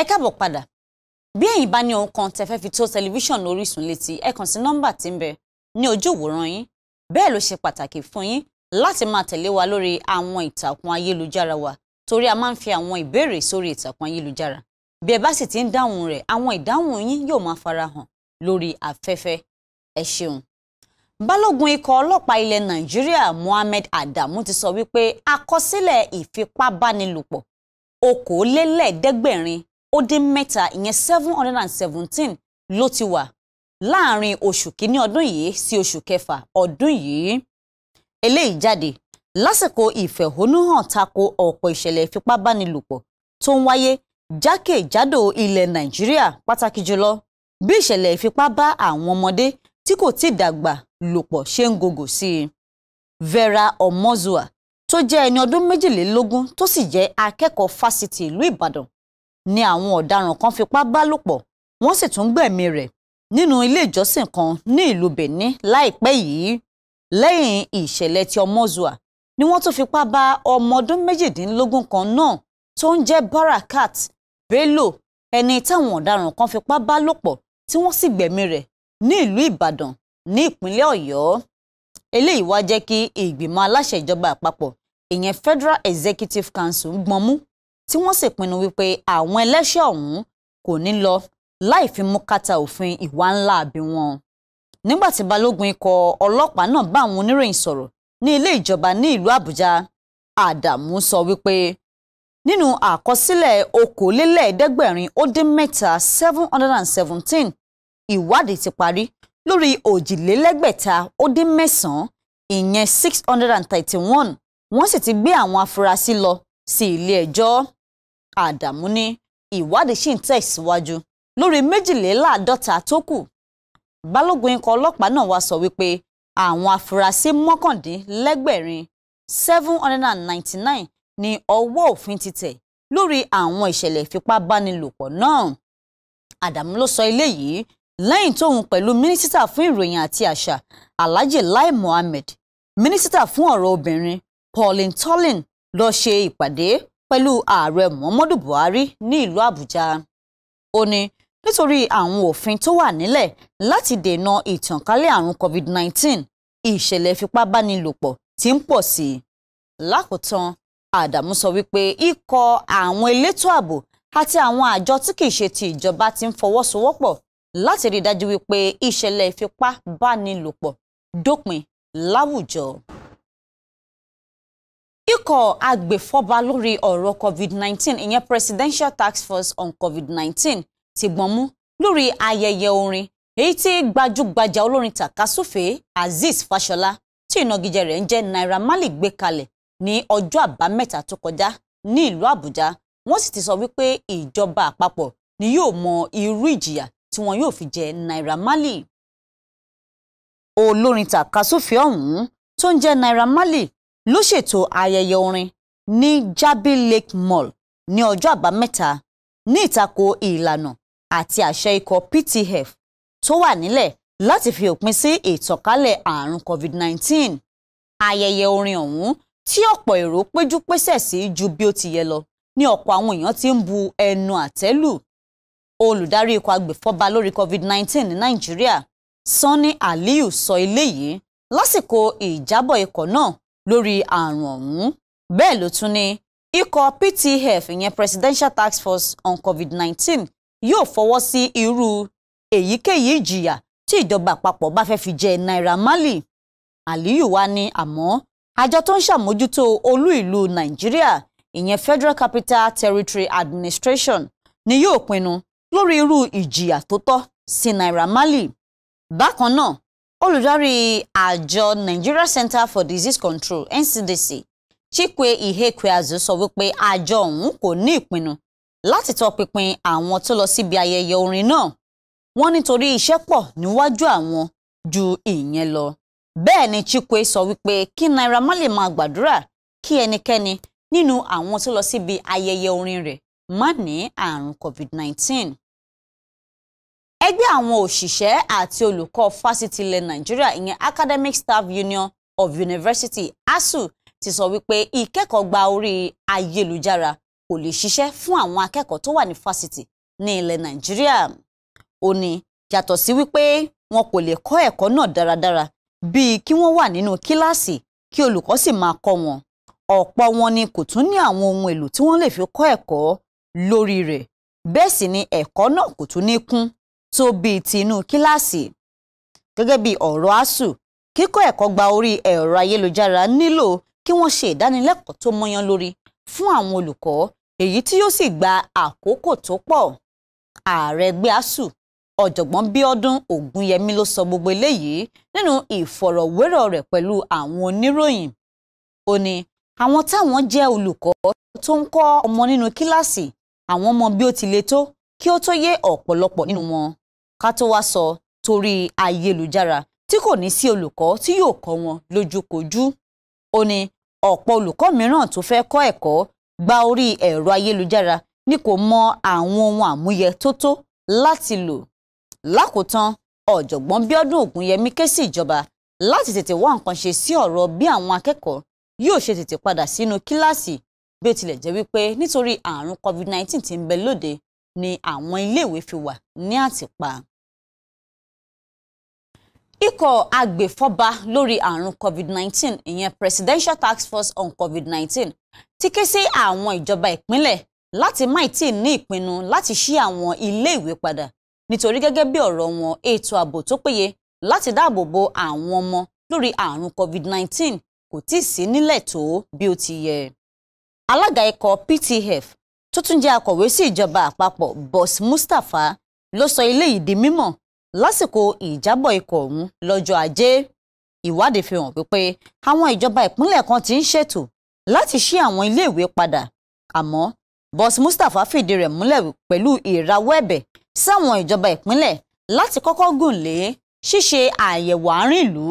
ẹ káàbọ̀ padà bí ẹ̀yin bá ní ohun kan tẹ́ fẹ́ fi tó tẹlifíṣàn Orísun létí ẹ kàn sí nọ́mbà tí ń bẹ ní ojú ìwòran yín bẹ́ẹ̀ ló ṣe pàtàkì fún yín láti máa tẹ̀lé wa lórí àwọn ìtàkùn ayélujára wa torí a máa ń fi àwọn ìbéèrè sórí ìtàkùn ayélujára bí ẹ bá sì ti ń dáhùn rẹ̀ àwọn ìdáhùn yín yóò máa farahàn lórí afẹ́fẹ́ ẹ ṣeun. balógun ikọ̀ ọlọ́pàá ilẹ̀ Nàìjíríà Mohammed Adamu ti sọ wípé àkọsílẹ̀ ìfipábánilòpọ̀ okòólélẹ́ẹ̀dẹ́gbẹ̀rin ó dín mẹ́ta ìyẹn seven hundred and seventeen ló ti wà láàrin oṣù kínní ọdún yìí sí oṣù kẹfà ọdún yìí eléyìí jáde lásìkò ìfẹ̀hónúhàn tako ọ̀pọ̀ ìṣẹ̀lẹ̀ ìfipábánilòpọ̀ tó ń wáyé jákèjádò ilẹ̀ nàìjíríà pàtàkì jùlọ bí ìṣẹ̀lẹ̀ ìfipá bá àwọn ọmọdé tí kò tí dàgbà lòpọ̀ ṣe ń gògò sí i. vera omozua tó jẹ́ ẹni ọdún méjìlélógún tó sì jẹ́ akẹ́kọ̀ọ́ fásitì ìlú ìbàdàn ni àwọn ọ̀daràn kan fipá bá lò pọ̀ wọ́n sì tún gbẹ̀mí rẹ̀ nínú ilé ìjọsìn kan ní ìlú Benin láìpẹ́ yìí lẹ́yìn ìṣẹ̀lẹ̀ ti Ọmọzùà ni wọ́n tún fipá bá ọmọ ọdún méjìdínlógún kan náà tó ń jẹ́ Barakat Bello ẹni táwọn ọ̀daràn kan fipá bá lò pọ̀ tí wọ́n sì gbẹ̀mí rẹ̀ ní ìlú Ìbàdàn ní ìpínlẹ̀ Ọ̀yọ́ eléyìí wá jẹ́ kí ìgbìmọ̀ aláṣẹ ìjọba àpapọ̀ ìyẹn Federal Executive Council gbọmú tí wọ́n sì pinnu wípé àwọn ẹlẹ́ṣẹ̀ ọ̀hún kò ní lọ láì fi mú kàtà òfin ìwà ńlá àbí wọn. nígbà tí balógun ikọ̀ ọlọ́pàá náà bá àwọn oníròyìn sọ̀rọ̀ ní ilé ìjọba ní ìlú àbújá àdàmú sọ wípé nínú àkọsílẹ̀ okòólélẹ́ẹ̀ẹ́dẹ́gbẹ̀rin ó dín mẹ́ta seven hundred and seventeen ìwádìí ti parí lórí òjìlélẹ́gbẹ̀ta ó dín mẹ́sàn-án ìyẹn six hundred and thirty-one wọ́n sì ti gbé àwọn afurasí lọ sí ilé ẹjọ́. Àdàmú ní ìwádìí ṣì ń tẹ̀síwájú lórí méjìléláàádọ́ta tó kù balógun ikọ̀ ọlọ́pàá náà wá sọ wípé àwọn afurasí mọ́kàndínlẹ́gbẹ̀rin seven hundred and ninety-nine ni ọwọ́ òfin ti tẹ̀ lórí àwọn ìṣẹ̀lẹ̀ ìfipábánilòpọ̀ náà Àdàmú ló sọ eléyìí lẹ́yìn tóun pẹ̀lú mínísítà fún ìròyìn àti àṣà Alhaji Lai Mohammed mínísítà fún ọ̀rọ̀ obìnrin Pauline Tolin lọ ṣe ìpàdé pẹ̀lú ààrẹ Muhammadu Buhari ní ìlú Àbújá ó ní nítorí àwọn òfin tó wà nílẹ̀ láti dènà ìtànkálẹ̀ àrùn COVID-19 ìṣẹ̀lẹ̀ ìfipábánilòpọ̀ ti ń pọ̀ sí i lákòótán Àdàmú sọ wípé ikọ̀ àwọn elétò ààbò àti àwọn àjọ tí kìí ṣe ti ìjọba ti ń fọwọ́sowọ́pọ̀ láti rí i dájú wípé ìṣẹ̀lẹ̀ ìfipá bá ni lòpọ̀ dópin láwùjọ ikọ̀ agbèfọ́ba lórí ọ̀rọ̀ covid-19 ìyẹn presidential task force on covid-19 ti gbọ́n mú lórí ayẹyẹ orin èyí tí gbajúgbajà olórin tàkasúfèé azeez fàṣọlá tí ìnagijẹ rẹ̀ ń jẹ́ naira marley gbé kalẹ̀ ní ọjọ́ àbámẹ́ta tó kọjá ní ìlú àbújá wọ́n sì ti sọ wípé ìjọba àpapọ̀ ni yóò mọ irú ìjìyà tí wọn yóò fi jẹ naira marley olórin tàkasúfèé ọ̀hún tó ń jẹ́ naira marley ló ṣètò ayẹyẹ orin ní Jabi Lake Mall ní ọjọ́ àbámẹ́ta ní ìtakò ìlànà àti àṣẹ ikọ̀ PTF tó wà nílẹ̀ láti fi òpin sí ìtànkálẹ̀ àrùn COVID-19 ayẹyẹ orin ọ̀hún tí ọ̀pọ̀ èrò péjú pésẹ̀ sí ju bí ó ti yẹ lọ ní ọ̀pọ̀ àwọn èèyàn ti ń bu ẹnu àtẹ́ lù olùdarí ikọ̀ agbèfọ́ba lórí COVID-19 ní Nàìjíríà Sanni Aliyu sọ eléyìí lásìkò ìjábọ̀ ikọ̀ náà lórí àrùn ọ̀hún bẹ́ẹ̀ ló tún ní ikọ̀ PTF ìyẹn Presidential Task Force on COVID-19 yóò fọwọ́ sí irú èyíkéyìí ìjìyà tí ìjọba àpapọ̀ bá fẹ́ fi jẹ Naira Marley Aliyu wa ní àmọ́ àjọ tó ń ṣàmójútó olú ìlú Nàìjíríà ìyẹn Federal Capital Territory Administration ni yóò pinnu lórí irú ìjìyà tó tọ́ sí Naira Marley bákan náà olùdarí àjọ Nigeria Center for Disease Control NCDC Chikwe Ihekuazu sọ wípé àjọ ọ̀hún kò ní ìpinnu láti tọpinpin àwọn tó lọ síbi ayẹyẹ orin náà wọ́n nítorí iṣẹ́ pọ̀ níwájú àwọn ju ìyẹn lọ bẹ́ẹ̀ ni Chikwe sọ wípé kí Naira Marley máa gbàdúrà kí ẹnikẹ́ni nínú àwọn tó lọ síbi ayẹyẹ orin rẹ̀ má ní àrùn COVID-19 ẹgbẹ́ àwọn òṣìṣẹ́ àti olùkọ́ fásitì ilẹ̀ nàìjíríà ìyẹn academic staff union of university ASU ti sọ wípé ìkẹ́kọ̀ọ́ gba orí ayélujára kò lè ṣiṣẹ́ fún àwọn akẹ́kọ̀ọ́ tó wà ní fásitì ní ilẹ̀ nàìjíríà ó ní yàtọ̀ sí wípé wọn kò lè kọ́ ẹ̀kọ́ náà dáradára bíi kí wọ́n wà nínú kíláàsì kí olùkọ́ sì máa kọ́ wọn ọ̀pọ̀ wọn ni kò tún ní àwọn ohun èlò tí wọ́n lè fi kọ́ ẹ̀kọ́ lórí rẹ̀ bẹ́ẹ̀ sì ni ẹ̀kọ́ náà kò tún ní kún tó bíi tinú kíláàsì gẹ́gẹ́ bí ọ̀rọ̀ asuu kíkọ́ ẹ̀kọ́ gba orí ẹ̀rọ ayélujára nílò kí wọ́n ṣe ìdánilẹ́kọ̀ọ́ tó mọ́yán lórí fún àwọn olùkọ́ èyí tí yóò sì gba àkókò tó pọ̀ ààrẹ ẹgbẹ́ asuu ọ̀jọ̀gbọ́n Bíọ́dún Ògúnyẹmí ló sọ gbogbo eléyìí nínú ìfọ̀rọ̀wérọ̀ rẹ̀ pẹ̀lú àwọn oníròyìn ó ní àwọn táwọn jẹ́ olùkọ́ tó ń kọ́ ọmọ nínú kíláàsì àwọn mọ bí ó ti le tó kí ó tó yé ọ̀pọ̀lọpọ̀ nínú wọn ká tó wá sọ torí ayélujára tí kò ní sí olùkọ́ tí yóò kọ́ wọn lójúkojú ó ní ọ̀pọ̀ olùkọ́ mìíràn tó fẹ́ kọ́ ẹ̀kọ́ gba orí ẹ̀rọ ayélujára ní kò mọ àwọn ohun àmúyẹ tó tó láti lò lákòótán ọ̀jọ̀gbọ́n Bíọ́dún Ògúnyẹmí ké sí ìjọba láti tètè wá nǹkan ṣe sí ọ̀rọ̀ bí àwọn akẹ́kọ̀ọ́ yóò ṣe tètè padà sínú kíláàsì bí ó tilẹ̀ jẹ́ wípé nítorí àrùn COVID-19 tí ń bẹ lóde ni àwọn iléèwé fi wà ní àtìpa. Ikọ̀ agbèfọ́ba lórí àrùn COVID-19 ìyẹn Presidential Task Force on COVID-19 ti ké sí àwọn ìjọba ìpínlẹ̀ láti má tíì ní ìpinnu láti ṣí àwọn iléèwé padà nítorí gẹ́gẹ́ bí ọ̀rọ̀ wọn ètò ààbò tó péye láti dáàbò bo àwọn ọmọ lórí àrùn COVID-19 kò tíì sí nílẹ̀ tó bí ó ti yẹ. Alága ikọ̀ PTF tó tún jẹ́ akọ̀wé sí ìjọba àpapọ̀ Boss Mustapha ló sọ eléyìí di mímọ̀ lásìkò ìjábọ̀ ikọ̀ ọ̀hún lọ́jọ́ ajé ìwádìí fi hàn wípé àwọn ìjọba ìpínlẹ̀ kan ti ń ṣètò láti ṣí àwọn iléèwé padà àmọ́ Boss Mustapha fìdí rẹ̀ múlẹ̀ pẹ̀lú ìrawọ́ ẹ̀bẹ̀ sáwọn ìjọba ìpínlẹ̀ láti kọ́kọ́ gùn lé ṣíṣe àyẹ̀wò àárín ìlú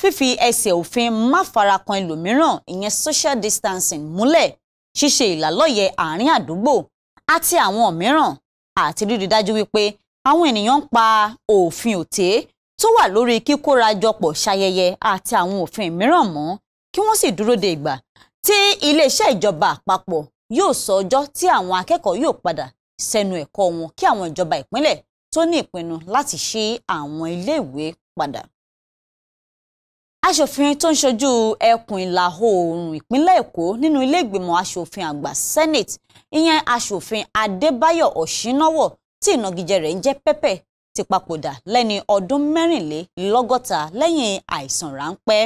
fífi ẹsẹ̀ òfin má fara kan ẹlòmíràn ìyẹn social distancing múlẹ̀ ṣíṣe ìlàlọ́yẹ̀ àárín àdúgbò àti àwọn mìíràn àti rírí dájú wípé àwọn ènìyàn ń pa òfin òté tó wà lórí kíkóra jọpọ̀ ṣayẹyẹ àti àwọn òfin mìíràn mọ́ kí wọ́n sì dúró de ìgbà tí iléeṣẹ́ ìjọba àpapọ̀ yóò sọ ọjọ́ tí àwọn akẹ́kọ̀ọ́ yóò padà sẹ́nu ẹ̀kọ́ wọn kí àwọn ìjọba ìpínlẹ̀ tó ní ìpinnu láti ṣí àwọn iléèwé padà aṣòfin tó ń ṣojú ẹkùn ìlà oòrùn ìpínlẹ̀ èkó nínú ilé aṣòfin àgbà senate ìyẹn aṣòfin adébáyọ̀ ọ̀ṣínáwọ̀ tí ìnagijẹ rẹ̀ ń jẹ́ pẹ́pẹ́ ti papòdà lẹ́ni ọdún mẹ́rìnlélọ́gọ́ta lẹ́yìn àìsàn ráńpẹ́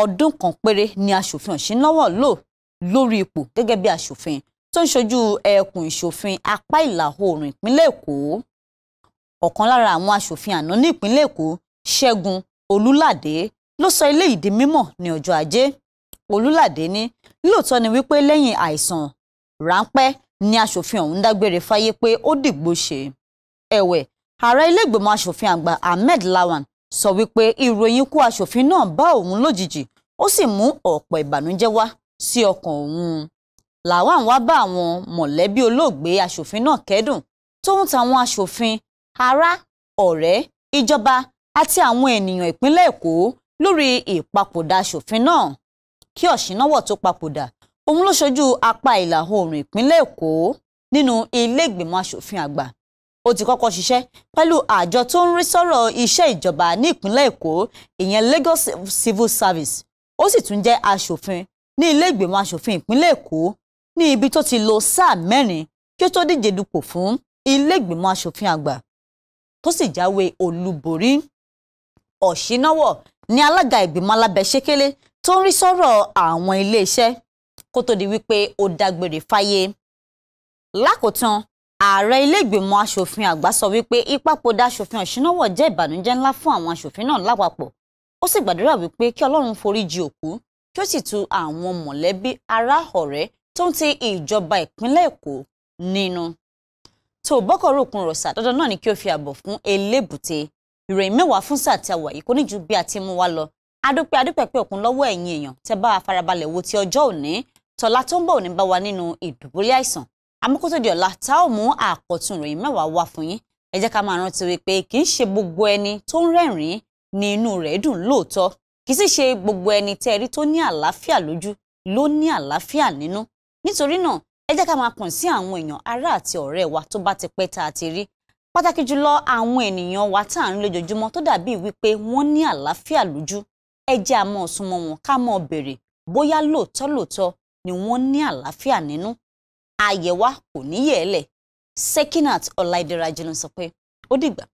ọdún kan péré ni aṣòfin ọ̀ṣínáwọ̀ lò lórí ipò gẹ́gẹ́ bí aṣòfin tó ń ṣojú ẹkùn ìṣòfin apá ìlà oòrùn ìpínlẹ̀ èkó ọ̀kan lára àwọn aṣòfin àná ní ìpínlẹ̀ èkó ṣẹ́gun Olúládé ló sọ eléyìí di mímọ̀ ní ọjọ́ ajé Olúládé ní lóòótọ́ ni wípé lẹ́yìn àìsàn ráńpẹ́ ni aṣòfin ọ̀hún dágbére fáyé pé ó dìgbò ṣe ẹ̀wẹ̀ ààrẹ ilégbèmọ̀ aṣòfin àgbà Ahmed Lawan sọ wípé ìròyìn ikú aṣòfin náà bá òun lójijì ó sì mú ọ̀pọ̀ ìbànújẹ́ wá sí ọkàn òun Lawan wá bá àwọn mọ̀lẹ́bí olóògbé aṣòfin náà kẹ́dùn tóun táwọn aṣòfin ará ọ̀rẹ́ ìjọba àti àwọn ènìyàn ìpínlẹ̀ Èkó lórí ìpapòdà aṣòfin náà kí Ọ̀ṣínáwọ̀ tó papòdà òun ló ṣojú apá ìlà oòrùn ìpínlẹ̀ Èkó nínú ilé ìgbìmọ̀ aṣòfin àgbà ó ti kọ́kọ́ ṣiṣẹ́ pẹ̀lú àjọ tó ń rí sọ́rọ̀ iṣẹ́ ìjọba ní ìpínlẹ̀ Èkó ìyẹn Lagos Civil Service ó sì tún jẹ́ aṣòfin ní ilé ìgbìmọ̀ aṣòfin ìpínlẹ̀ Èkó ní ibi tó ti lo sáà mẹ́rin kí ó tó díje dupò fún ilé aṣòfin àgbà tó sì jáwé olúborí ọ̀ṣínáwọ̀ ní alága ìgbìmọ̀ alábẹ́sẹ́kẹ́lé tó ń rí sọ́rọ̀ àwọn iléeṣẹ́ kó tó di wípé ó dágbére fáyé. lákòótán ààrẹ ilé ìgbìmọ̀ asòfin àgbà sọ wípé ìpapòdà asòfin ọ̀ṣínáwọ̀ jẹ́ ìbànújẹ́ ńlá fún àwọn asòfin náà lápapọ̀ ó sì gbàdúrà wípé kí ọlọ́run foríjì òkú kí ó sì tu àwọn mọ̀lẹ́bí ará ọ̀rẹ́ tó ń ti ìjọba ìpínlẹ̀ èkó nínú. tó bọ́kọ̀ ròkun rọ̀ṣà dandan náà ni kí o fi ààbò fún elébùté ìròyìn mẹ́wàá fún sáà tí a wà yìí kò ní ju bí a ti mú wa lọ adúpẹ́ adúpẹ́ pé òkun lọ́wọ́ ẹ̀yin èèyàn tẹ́ bá wa farabalẹ̀ wo ti ọjọ́ òní tọ́lá tó ń bọ̀ òní bá wa nínú ìdùbúlẹ̀ àìsàn amókótódi ọ̀la tá ò mú àkọ́tún ìròyìn mẹ́wàá wá fún yín ẹ jẹ́ ká máa rántí wípé kì í ṣe gbogbo ẹni tó ń rẹ́rìn-ín ni inú rẹ̀ dùn lóòótọ́ kì í sì ṣe gbogbo ẹni tẹ́ rí tó ní àlàáfíà lójú ló ní àlàáfíà nínú nítorí náà ẹ jẹ́ ká máa kàn sí àwọn èèyàn ará àti ọ̀rẹ́ wa tó bá ti pẹ́ tá a ti rí pàtàkì jùlọ àwọn ènìyàn wa tá à ń lójoojúmọ́ tó dàbí wípé wọ́n ní àlàáfíà lójú ẹ jẹ́ a máa súnmọ́ wọn ká máa béèrè bóyá lóòótọ́ lóòótọ́ ni wọ́n ní àlàáfíà nínú àyẹ̀wá kò níyẹ̀ẹ́lẹ̀ Sekinat Ọláìdé Rájí ló sọ pé ó dìgbà.